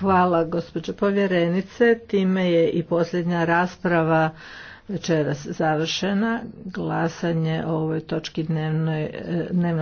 Hvala gospođo povjerenice. Time je i posljednja rasprava večeras završena. Glasanje o ovoj točki dnevnoj,